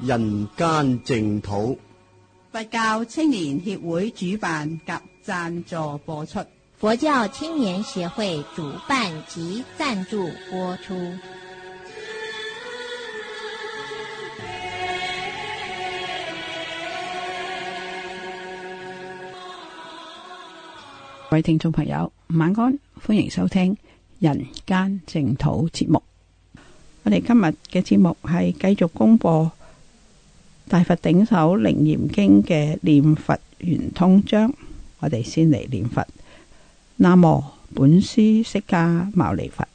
人間淨土，佛教青年協會主辦及贊助播出。佛教青年協會主辦及贊助播出。各位聽眾朋友，晚安，歡迎收聽《人間淨土》節目。我哋今日嘅節目係繼續公布。大佛頂首楞嚴經嘅念佛圓通章，我哋先嚟念佛。南無本師釋迦牟尼佛。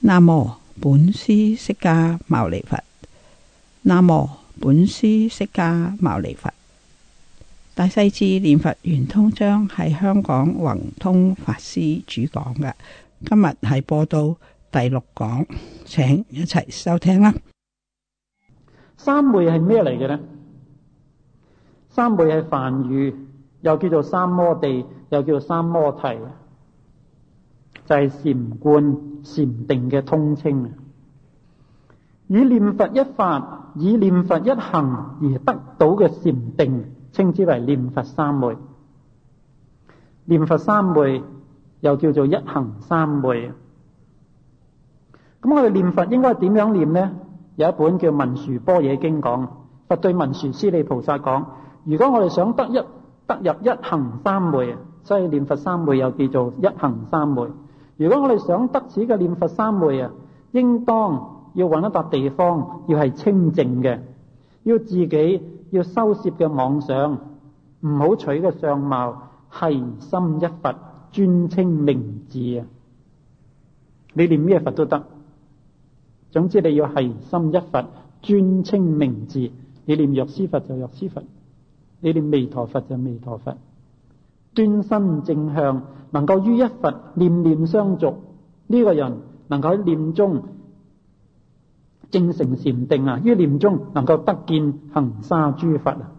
南無本師釋迦牟尼佛。南無本師釋迦牟尼佛。大勢至念佛圓通章係香港宏通法師主講嘅，今日係播到第六講，請一齊收聽啦。三昧係咩嚟嘅呢？三昧係梵語，又叫做三摩地，又叫做三摩提。就係禪觀、禪定嘅通稱。以念佛一法，以念佛一行，而得到嘅禪定，稱之為念佛三昧。念佛三昧，又叫做一行三昧。噉我哋念佛應該係點樣念呢？有一本叫《文殊般若經》講，佛對文殊師利菩薩講：如果我哋想得一得入一行三昧，所以念佛三昧，又叫做一行三昧。如果我哋想得此嘅念佛三昧啊，應當要揾一笪地方，要係清淨嘅，要自己要修攝嘅妄想，唔好取嘅相貌，繫心一佛，專稱名字啊。你念咩佛都得。總之，你要繫心一佛，專稱名字。你念藥師佛就藥師佛，你念彌陀佛就彌陀佛。端心正向，能夠於一佛念念相續，呢個人能夠喺念中正成禪定啊。於念中能夠得見行沙諸佛啊。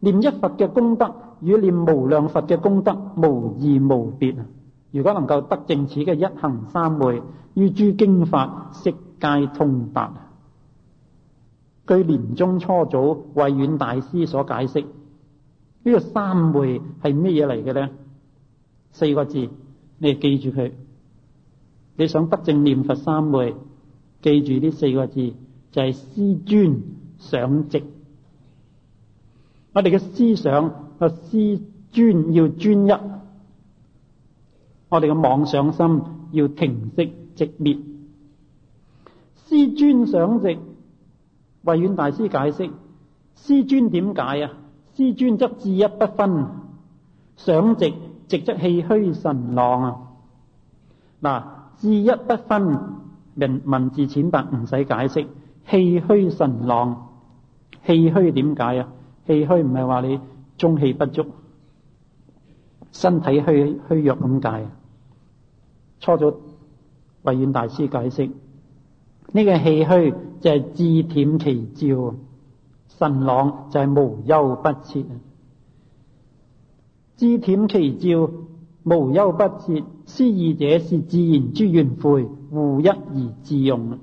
念一佛嘅功德與念無量佛嘅功德無異無別啊。如果能夠得正此嘅一行三昧，於諸經法識，皆通達。據年中初祖慧遠大師所解釋，呢、這個三昧係乜嘢嚟嘅咧？四個字，你記住佢。你想得正念佛三昧，記住呢四個字就係、是、思專」。想直。我哋嘅思想個思專」要專一，我哋嘅妄想心要停息直滅。師尊想直，慧遠大師解釋：師尊點解啊？師尊則志一不分，想直直則氣虛神朗啊！嗱，志一不分，文文字淺白，唔使解釋。氣虛神朗，氣虛點解啊？氣虛唔係話你中氣不足，身體虛虛弱咁解。錯咗，慧遠大師解釋。呢個氣虛就係智恬其照，神朗就係無憂不切啊。智恬其照，無憂不切，思意者是自然之怨悔，互一而自用呢、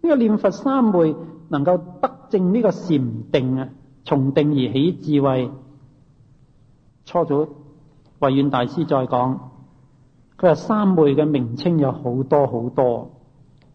呢個念佛三昧能夠得證呢個禪定啊，從定而起智慧。錯咗，慧遠大師再講，佢話三昧嘅名稱有好多好多。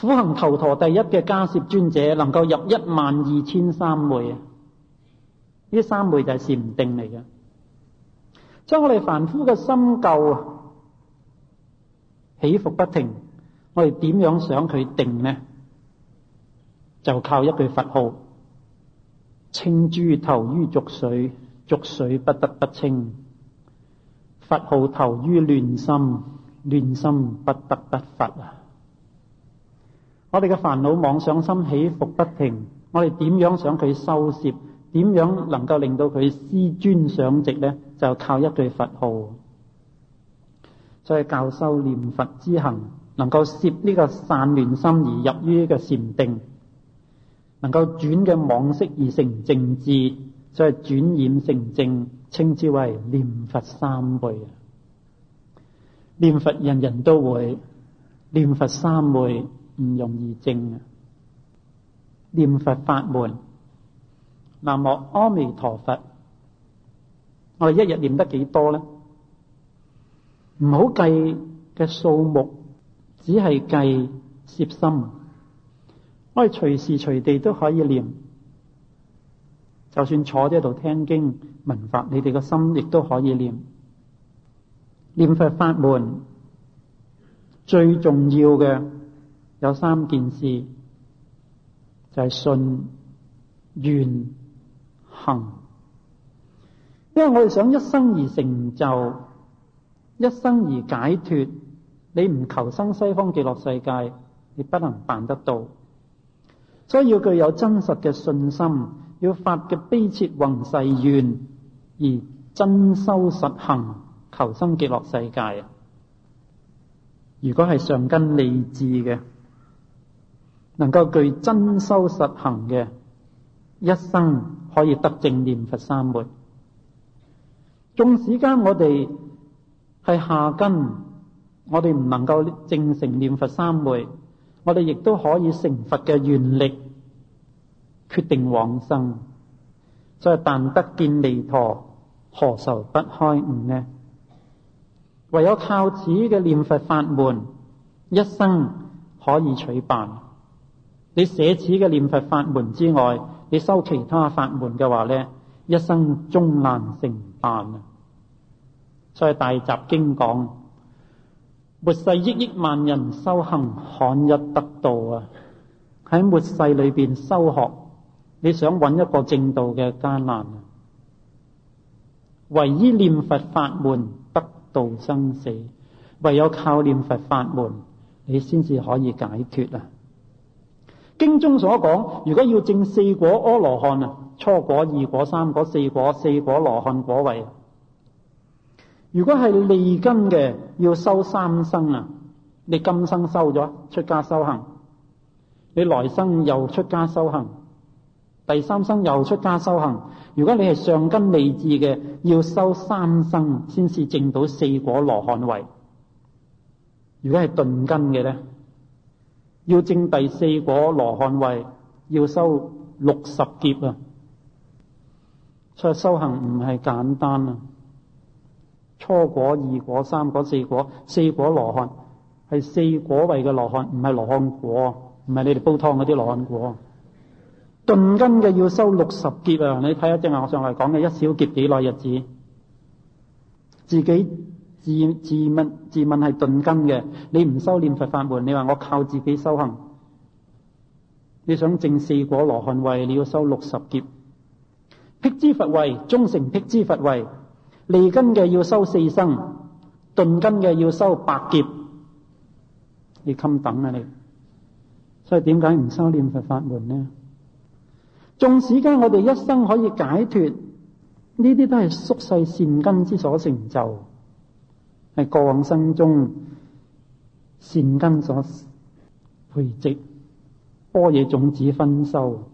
苦行頭陀，陀第一嘅迦葉尊者，能夠入一萬二千三昧啊！呢三昧就係禪定嚟嘅。將我哋凡夫嘅心垢起伏不停，我哋點樣想佢定呢？就靠一句佛號，清珠投於濁水，濁水不得不清；佛號投於亂心，亂心不得不佛啊！我哋嘅煩惱妄想心起伏不停，我哋點樣想佢收攝？點樣能夠令到佢思專想寂呢？就靠一句佛號。所以教修念佛之行，能夠攝呢個散亂心而入於呢個禪定，能夠轉嘅妄識而成正智，所以轉染成正，稱之為念佛三昧。念佛人人都會，念佛三昧。唔容易靜啊！念佛法門，南無阿彌陀佛。我哋一日念得幾多咧？唔好計嘅數目，只係計攝心。我哋隨時隨地都可以念，就算坐喺度聽經聞法，你哋個心亦都可以念。念佛法門最重要嘅。有三件事，就係、是、信願行。因為我哋想一生而成就，一生而解脱，你唔求生西方極樂世界，你不能辦得到。所以要具有真實嘅信心，要發嘅悲切宏誓願，而真修實行求生極樂世界。如果係上根利智嘅。能夠具真修實行嘅一生，可以得正念佛三昧。縱使間我哋係下根，我哋唔能夠正成念佛三昧，我哋亦都可以成佛嘅願力，決定往生。所以但得見彌陀，何愁不開悟呢？唯有靠此嘅念佛法門，一生可以取辦。你捨此嘅念佛法門之外，你修其他法門嘅話咧，一生終難成辦啊！所以大集經講，末世億億萬人修行，罕一得道啊！喺末世裏邊修學，你想搵一個正道嘅艱難啊！唯依念佛法門得道生死，唯有靠念佛法門，你先至可以解脫啊！經中所講，如果要證四果阿羅漢啊，初果、二果、三果、四果，四果羅漢果位。如果係利根嘅，要修三生啊，你今生修咗出家修行，你來生又出家修行，第三生又出家修行。如果你係上根利智嘅，要修三生，先至證到四果羅漢位。如果係鈍根嘅咧？要證第四果羅漢位，要修六十劫啊！所以修行唔係簡單啊。初果、二果、三果、四果，四果羅漢係四果位嘅羅漢，唔係羅漢果，唔係你哋煲湯嗰啲羅漢果。鈍根嘅要修六十劫啊！你睇下正話我上嚟講嘅一小劫幾耐日子，自己。自自問自問係頓根嘅，你唔修念佛法門，你話我靠自己修行，你想證四果羅漢位，你要修六十劫。辟支佛位，中乘辟支佛位，利根嘅要修四生頓根嘅要修百劫，你襟等啊你。所以點解唔修念佛法門呢？縱使間我哋一生可以解脫呢啲，都係宿世善根之所成就。係過往生中善根所培植，般若種子熏修，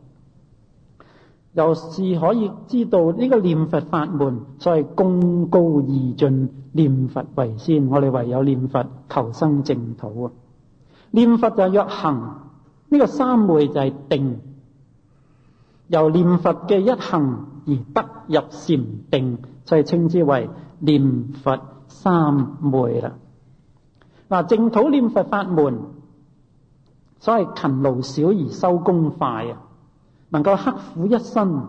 由是可以知道呢個念佛法門，所以功高易進，念佛為先。我哋唯有念佛求生淨土啊！念佛就係約行，呢個三昧就係定，由念佛嘅一行而得入禪定，所以稱之為念佛三昧啦，嗱，淨土念佛法門，所謂勤勞少而收功快啊，能夠刻苦一生，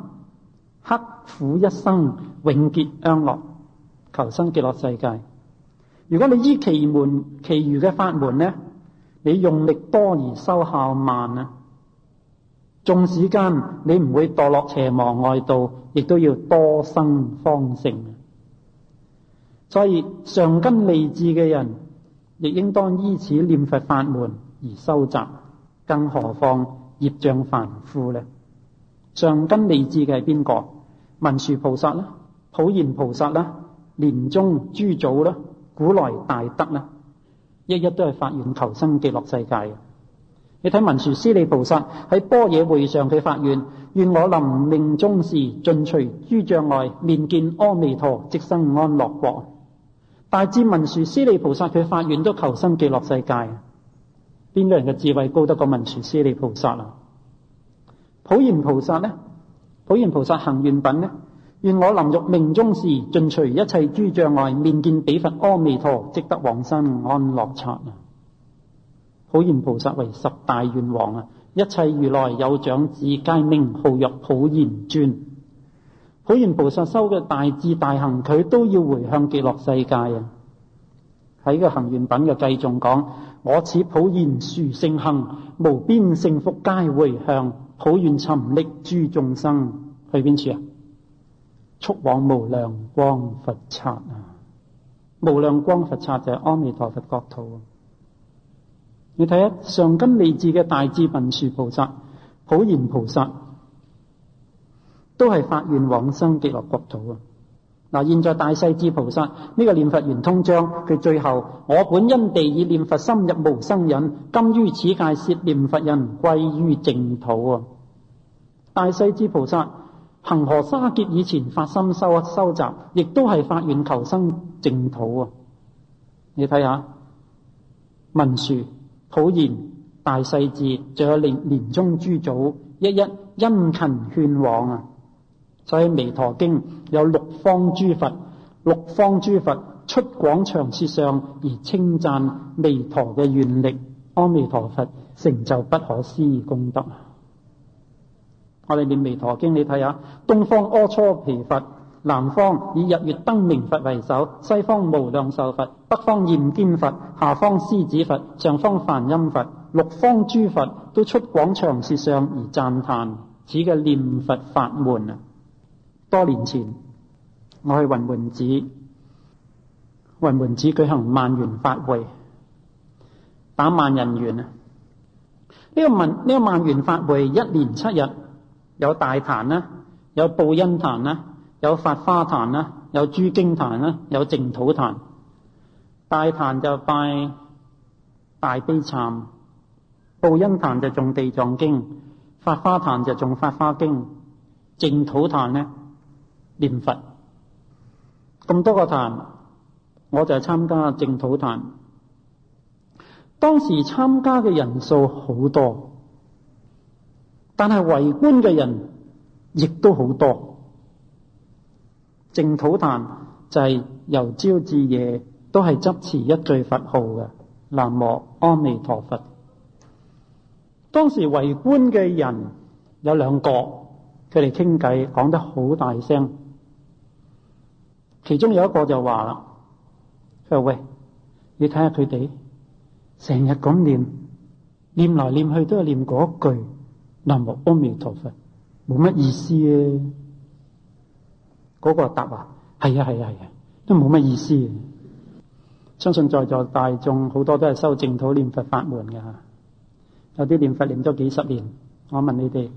刻苦一生永結安樂，求生極樂世界。如果你依其門，其餘嘅法門呢，你用力多而收效慢啊，縱使間，你唔會墮落邪魔外道，亦都要多生方成。所以上根利智嘅人，亦應當依此念佛法門而修習，更何況業障凡夫咧？上根利智嘅係邊個？文殊菩薩啦，普賢菩薩啦，蓮宗諸祖啦，古來大德啦，一一都係發願求生極樂世界嘅。你睇文殊師利菩薩喺般若會上嘅發願：願我臨命終時隨，盡除諸障礙，面見阿彌陀，即生安樂國。大智文殊師利菩薩佢發願都求生極樂世界啊！邊個人嘅智慧高得過文殊師利菩薩啊？普賢菩薩呢？普賢菩薩行願品呢？願我臨欲命終時，盡除一切諸障礙，面見彼佛阿彌陀，即得往生安樂剎啊！普賢菩薩為十大願王啊！一切如來有長子，皆名號曰普賢尊。普賢菩薩修嘅大智大行，佢都要回向極樂世界啊！喺個行願品嘅偈頌講：我此普賢殊勝行，無邊勝福皆回向，普願沉溺諸眾生，去邊處啊？速往無量光佛剎啊！無量光佛剎就係阿彌陀佛國土啊！你睇下上根利智嘅大智文殊菩薩、普賢菩薩。都係發願往生極樂國土啊！嗱，現在大勢至菩薩呢、這個念佛圓通章，佢最後我本因地以念佛心入無生忍，今於此界攝念佛人歸於淨土啊！大勢至菩薩恆河沙劫以前發心收收集，亦都係發願求生淨土啊！你睇下文殊、普賢、大勢至，仲有年年中諸祖、祖，一一殷勤勸往啊！所以《彌陀經》有六方諸佛，六方諸佛出廣長舌相而稱讚彌陀嘅願力，阿彌陀佛成就不可思議功德。我哋念《彌陀經》，你睇下：東方阿閦鞞佛，南方以日月燈明佛為首，西方無量壽佛，北方焰肩佛，下方獅子佛，上方梵音佛，六方諸佛都出廣長舌相而讚歎此嘅念佛法門。多年前，我去雲門寺，雲門寺舉行萬緣法會，打萬人緣啊！呢、呢個呢個萬呢個萬緣法會，一連七日，有大壇啦，有報恩壇啦，有法華壇啦，有諸經壇啦，有淨土壇。大壇就拜大悲懺，報恩壇就誦地藏經，法華壇就誦法華經，淨土壇呢？念佛咁多個壇，我就係參加淨土壇。當時參加嘅人數好多，但係圍觀嘅人亦都好多。淨土壇就係由朝至夜都係執持一句佛號嘅南無阿彌陀佛。當時圍觀嘅人有兩個，佢哋傾偈講得好大聲。其中有一個就話啦，佢話喂，你睇下佢哋成日咁念，念來念去都係念嗰句南無阿彌陀佛，冇乜意思嘅啊。嗰個答話，係啊，係啊，係啊，都冇乜意思啊。相信在座大眾好多都係修淨土念佛法門嘅，有啲念佛念咗幾十年，我問你哋，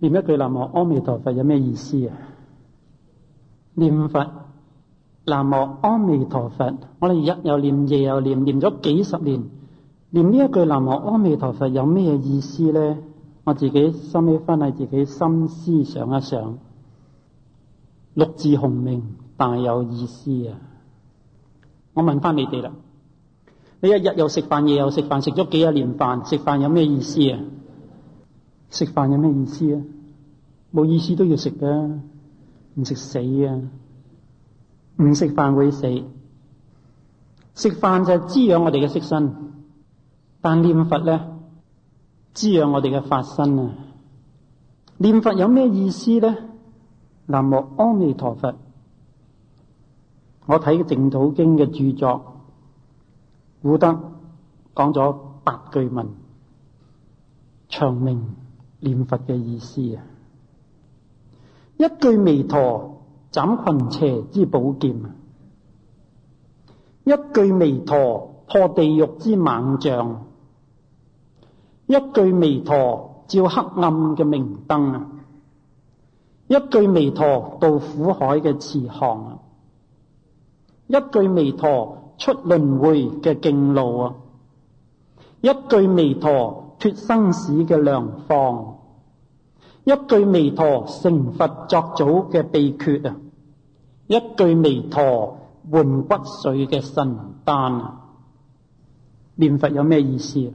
念一句南無阿彌陀佛有咩意思啊？念佛，南無阿彌陀佛。我哋日又念，夜又念，念咗幾十年。念呢一句南無阿彌陀佛有咩意思咧？我自己心一翻嚟，自己心思想一想，六字洪名，大有意思啊！我問翻你哋啦，你一日又食飯，夜又食飯，食咗幾廿年飯，食飯有咩意思啊？食飯有咩意思啊？冇意思都要食噶。唔食死啊！唔食飯會死。食飯就係滋養我哋嘅色身，但念佛咧滋養我哋嘅法身啊！念佛有咩意思呢？南無阿彌陀佛。我睇淨土經嘅著作，古德講咗八句文，長命念佛嘅意思啊！一句彌陀斬群邪之寶劍！一句彌陀破地獄之猛將，一句彌陀，破地獄之猛一句彌陀照黑暗嘅明燈啊！一句彌陀渡苦海嘅慈航啊！一句彌陀出輪迴嘅徑路啊！一句彌陀脫生死嘅良方。一句彌陀成佛作祖嘅祕訣啊，一句彌陀換骨髓嘅神丹，念佛有咩意思啊？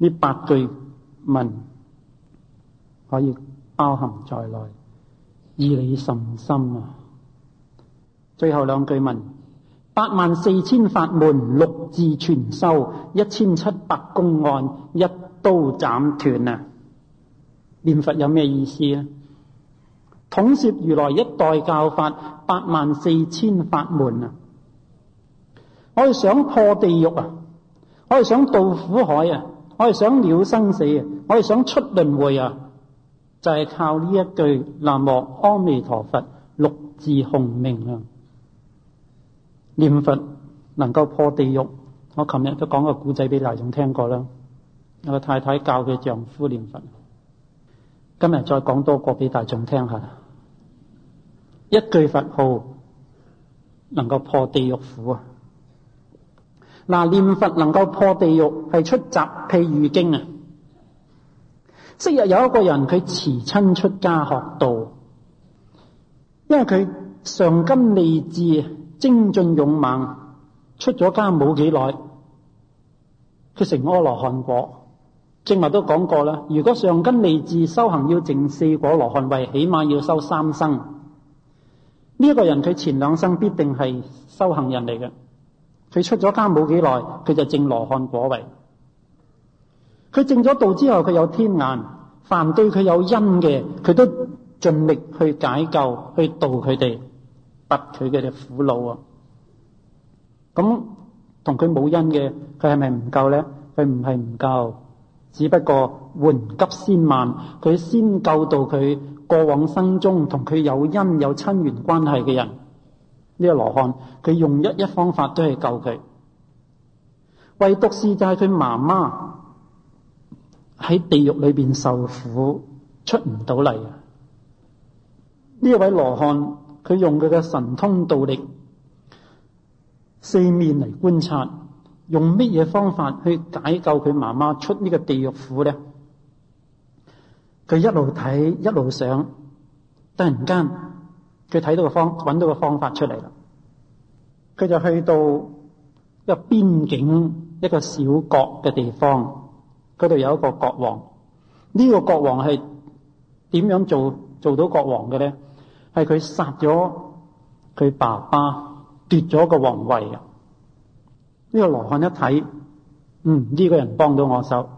呢八句文可以包含在內，以你甚心啊。最後兩句文：八萬四千法門六字全收，一千七百公案一刀斬斷啊！念佛有咩意思啊？統攝如來一代教法，八萬四千法門啊！我係想破地獄啊，我係想渡苦海啊，我係想了生死啊，我係想出輪迴啊，就係、是、靠呢一句南無阿彌陀佛六字洪名啊！念佛能夠破地獄，我琴日都講個古仔俾黎總聽過啦。我個太太教佢丈夫念佛。今日再講多個俾大眾聽下，一句佛號能夠破地獄苦啊！嗱，念佛能夠破地獄係出雜譬喻經啊。昔日有一個人佢辭親出家學道，因為佢上根利智，精進勇猛，出咗家冇幾耐，佢成阿羅漢果。正話都講過啦。如果上根利智修行要淨四果羅漢位，起碼要修三生。呢、這、一個人佢前兩生必定係修行人嚟嘅。佢出咗家冇幾耐，佢就正羅漢果位。佢淨咗道之後，佢有天眼，凡對佢有因嘅，佢都盡力去解救、去度佢哋，拔佢佢哋嘅苦惱啊。咁同佢冇因嘅，佢係咪唔夠咧？佢唔係唔夠。.只不過緩急先慢，佢先救到佢過往生中同佢有因有親緣關係嘅人。呢、這個羅漢佢用一一方法都係救佢，唯獨是就係佢媽媽喺地獄裏邊受苦出唔到嚟啊！呢一位羅漢佢用佢嘅神通道力，四面嚟觀察。用乜嘢方法去解救佢媽媽出呢個地獄府咧？佢一路睇一路想，突然間佢睇到個方，搵到個方法出嚟啦。佢就去到一個邊境一個小國嘅地方，嗰度有一個國王。呢個國王係點樣做做到國王嘅咧？係佢殺咗佢爸爸，奪咗個皇位啊！呢個羅漢一睇，嗯，呢個人幫到我手，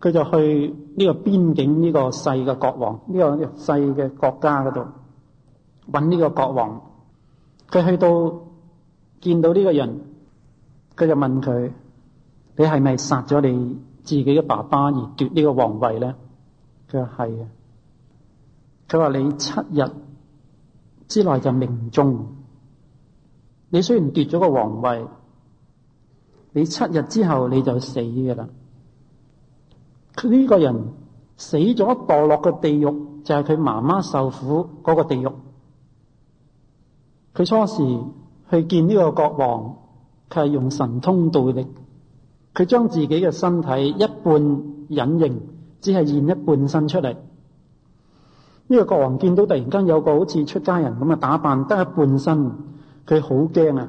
佢就去呢個邊境呢個細嘅國王，呢個細嘅國家嗰度揾呢個國王。佢去到見到呢個人，佢就問佢：你係咪殺咗你自己嘅爸爸而奪呢個皇位咧？佢話係啊。佢話你七日之內就命中。你雖然奪咗個皇位。你七日之後你就死嘅啦。佢、這、呢個人死咗墮落嘅地獄，就係、是、佢媽媽受苦嗰個地獄。佢初時去見呢個國王，佢係用神通道力，佢將自己嘅身體一半隱形，只係現一半身出嚟。呢、這個國王見到突然間有個好似出家人咁嘅打扮，得一半身，佢好驚啊！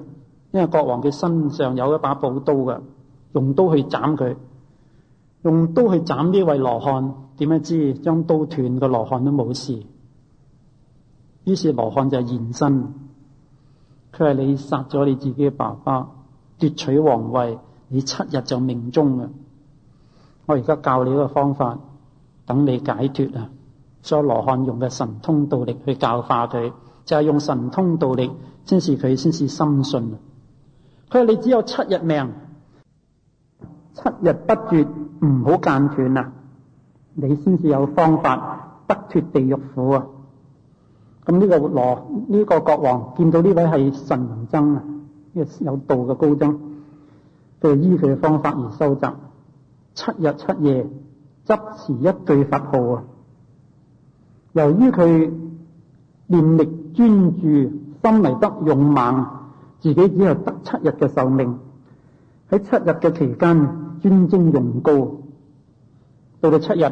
因為國王嘅身上有一把寶刀嘅，用刀去斬佢，用刀去斬呢位羅漢，點樣知將刀斷個羅漢都冇事？於是羅漢就現身。佢係，你殺咗你自己嘅爸爸，奪取皇位，你七日就命終啊！我而家教你一個方法，等你解脫啊！所以羅漢用嘅神通道力去教化佢，就係、是、用神通道力，先至佢先至深信。佢話：你只有七日命，七日不絕，唔好間斷啊！你先至有方法得脫地獄苦啊！咁呢個活羅，呢個國王見到呢位係神人僧啊，呢個有道嘅高僧，佢就依佢嘅方法而修習七日七夜，執持一句佛號啊！由於佢念力專注，心力得勇猛。自己只有得七日嘅壽命，喺七日嘅期間專精用功，到咗七日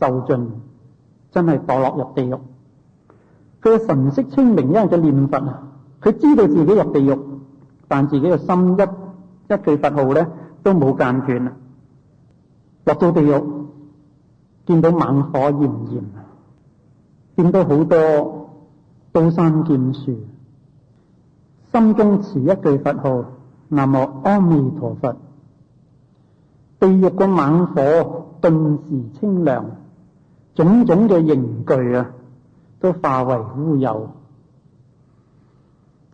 壽盡，真係墮落，落入地獄。佢嘅神色清明，因為佢念佛啊，佢知道自己入地獄，但自己嘅心一一句佛號咧都冇間斷啊。落到地獄，見到猛火炎炎，見到好多刀山劍樹。心中持一句佛號，南無阿彌陀佛，地獄個猛火頓時清涼，種種嘅刑具啊，都化為烏有。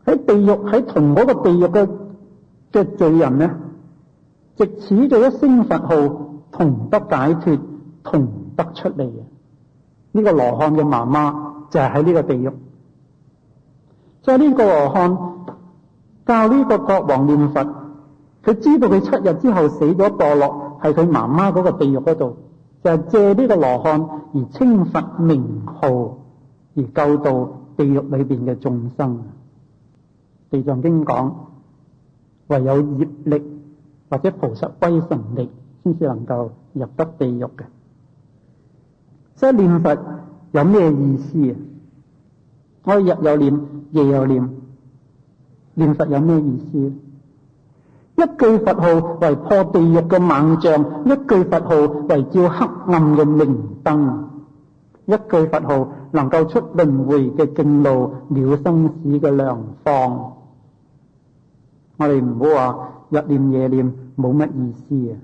喺地獄，喺同嗰個地獄嘅嘅罪人呢，藉此做一聲佛號，同得解脫，同得出嚟啊！呢個羅漢嘅媽媽就係喺呢個地獄，所以呢個羅漢。教呢個國王念佛，佢知道佢七日之後死咗墮落，係佢媽媽嗰個地獄嗰度，就係借呢個羅漢而稱佛名號，而救到地獄裏邊嘅眾生。地藏經講，唯有業力或者菩薩威神力，先至能夠入得地獄嘅。即係念佛有咩意思啊？我日又念，夜又念。念佛有咩意思？一句佛號為破地獄嘅猛將，一句佛號為照黑暗嘅明燈，一句佛號能夠出輪迴嘅徑路，了生死嘅良方。我哋唔好話日念夜念冇乜意思啊！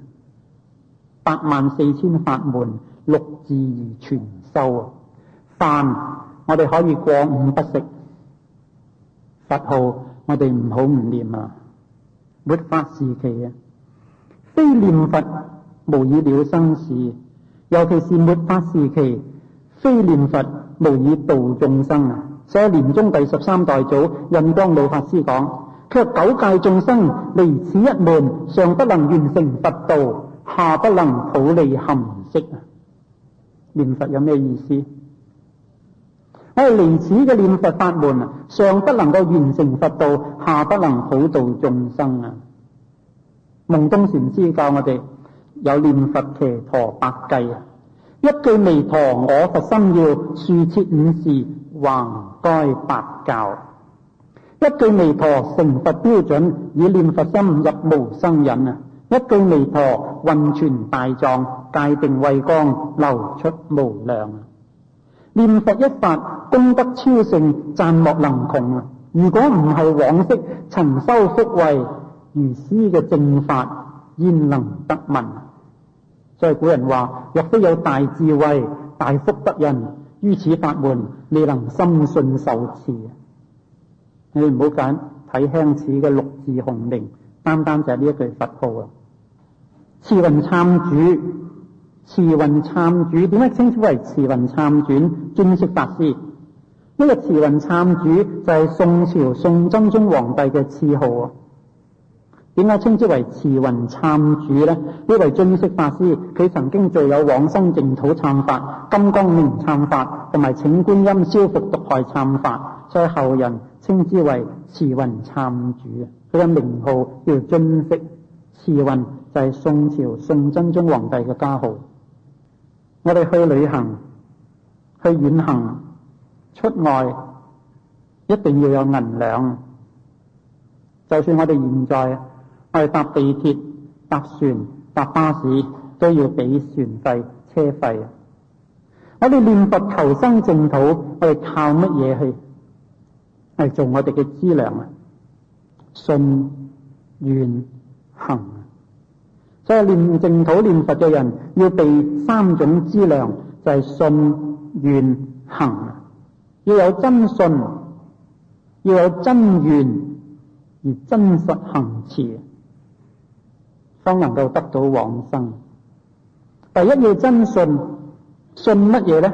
八萬四千法門，六字而全收。三，我哋可以過午不食，佛號。我哋唔好唔念啊！末法時期啊，非念佛無以了生死，尤其是末法時期，非念佛無以度眾生啊！所以，蓮宗第十三代祖印光老法師講：卻九界眾生離此一門，上不能完成佛道，下不能普利含識啊！念佛有咩意思？我哋零此嘅念佛法門啊，上不能夠完成佛道，下不能普度眾生啊。夢東禪師教我哋有念佛騎陀百計啊，一句彌陀我佛心要豎切五時橫該八教，一句彌陀成佛標準，以念佛心入無生忍啊，一句彌陀運存大藏戒定慧光流出無量。念佛一法，功德超勝，讚莫能窮啊！如果唔係往昔勤修福慧如師嘅正法，焉能得聞？所以古人話：若非有大智慧、大福德人，於此法門，未能深信受持。你唔好揀睇輕視嘅六字洪名，單單就係呢一句佛號啊！慈雲懺主。慈雲參主點解稱之為慈雲參主尊釋法師？呢個慈雲參主就係、是、宋朝宋真宗皇帝嘅字號啊！點解稱之為慈雲參主呢？呢位尊釋法師佢曾經最有往生淨土參法、金光明參法同埋請觀音消伏毒害參法，所以後人稱之為慈雲參主。佢嘅名號叫尊釋慈雲，就係宋朝宋真宗皇帝嘅家號。我哋去旅行、去遠行、出外，一定要有銀兩。就算我哋現在，我哋搭地鐵、搭船、搭巴士，都要俾船費、車費。我哋念佛求生淨土，我哋靠乜嘢去嚟做我哋嘅資糧啊？信、願、行。嘅念淨土、念佛嘅人要備三種資糧，就係、是、信願行。要有真信，要有真願，而真實行持，方能夠得到往生。第一要真信，信乜嘢呢？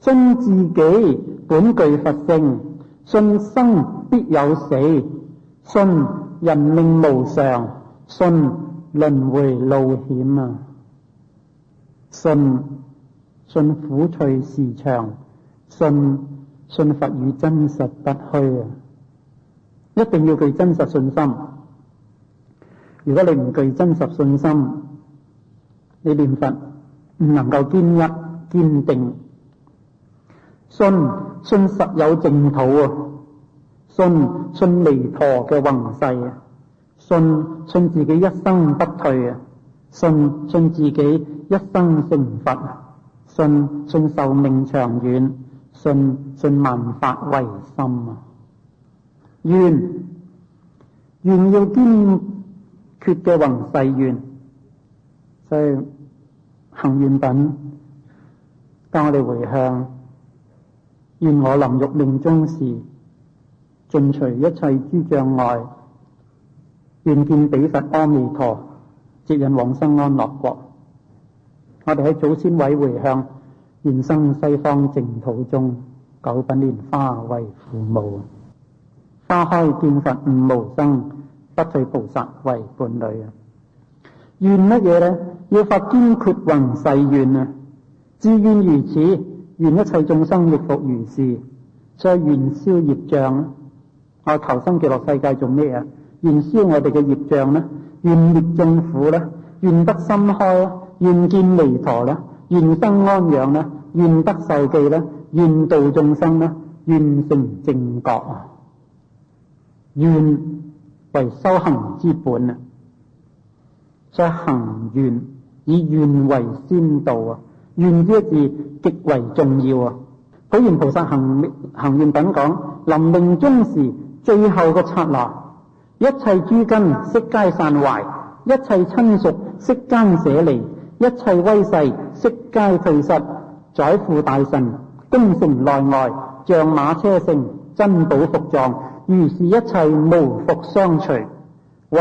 信自己本具佛性，信生必有死，信人命無常，信。輪回路險啊！信信苦趣時長，信信佛語真實不虛啊！一定要具真實信心。如果你唔具真實信心，你念佛唔能夠堅一堅定。信信實有淨土啊！信信彌陀嘅宏誓啊！信信自己一生不退啊！信信自己一生成佛，信信壽命長遠，信信萬法為心啊！願願要堅決嘅宏誓願，所以行願品教我哋回向，願我能欲命終時，盡除一切諸障礙。願見彼佛阿彌陀，接引往生安樂國。我哋喺祖先位回向，願生西方淨土中，九品蓮花為父母。花開見佛悟無生，不退菩薩為伴侶。願乜嘢呢？要發堅決宏誓願啊！志願如此，願一切眾生亦復如是，再願消業障。我、啊、求生極樂世界做咩啊？燃燒我哋嘅業障咧，願滅政府咧，願得心開咧，願見彌陀咧，願生安養咧，願得受記咧，願度眾生咧，願成正，正覺啊！願為修行之本啊！所以行願以願為先導啊！願呢一字極為重要啊！普賢菩薩行行願等講臨命終時最後個剎那。一切諸根悉皆散壞，一切親屬悉皆捨離，一切威勢悉皆退失，宰府大臣宮城內外，象馬車乘珍寶伏藏，如是一切無復相隨，唯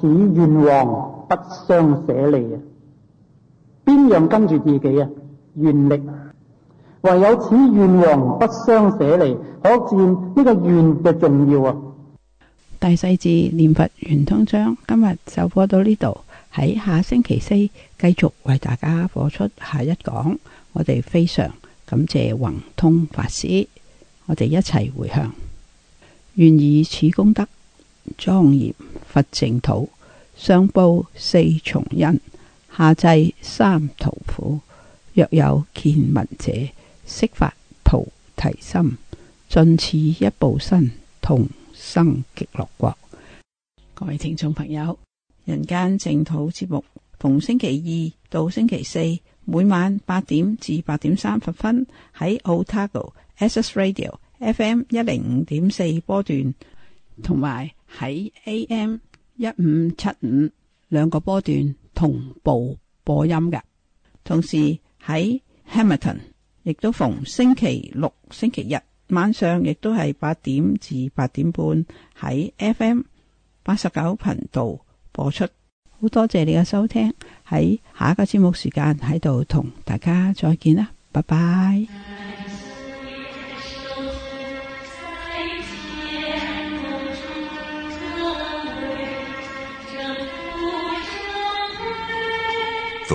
此願王不相捨離啊！邊樣跟住自己啊？願力唯有此願王不相捨離，可見呢個願嘅重要啊！大勢至念佛圓通章，今日就播到呢度，喺下星期四繼續為大家播出下一講。我哋非常感謝宏通法師，我哋一齊回向，願以此功德莊嚴佛淨土，上報四重恩，下濟三途苦。若有見聞者，悉發菩提心，盡此一報身，同生極樂國，各位聽眾朋友，人間淨土節目逢星期二到星期四每晚八點至八點三十分喺 Otago 奧塔哥 Access Radio FM 一零五點四波段，同埋喺 AM 一五七五兩個波段同步播音嘅，同時喺 Hamilton 亦都逢星期六、星期日。晚上亦都係八點至八點半喺 FM 八十九頻道播出，好多謝你嘅收聽，喺下一個節目時間喺度同大家再見啦，拜拜。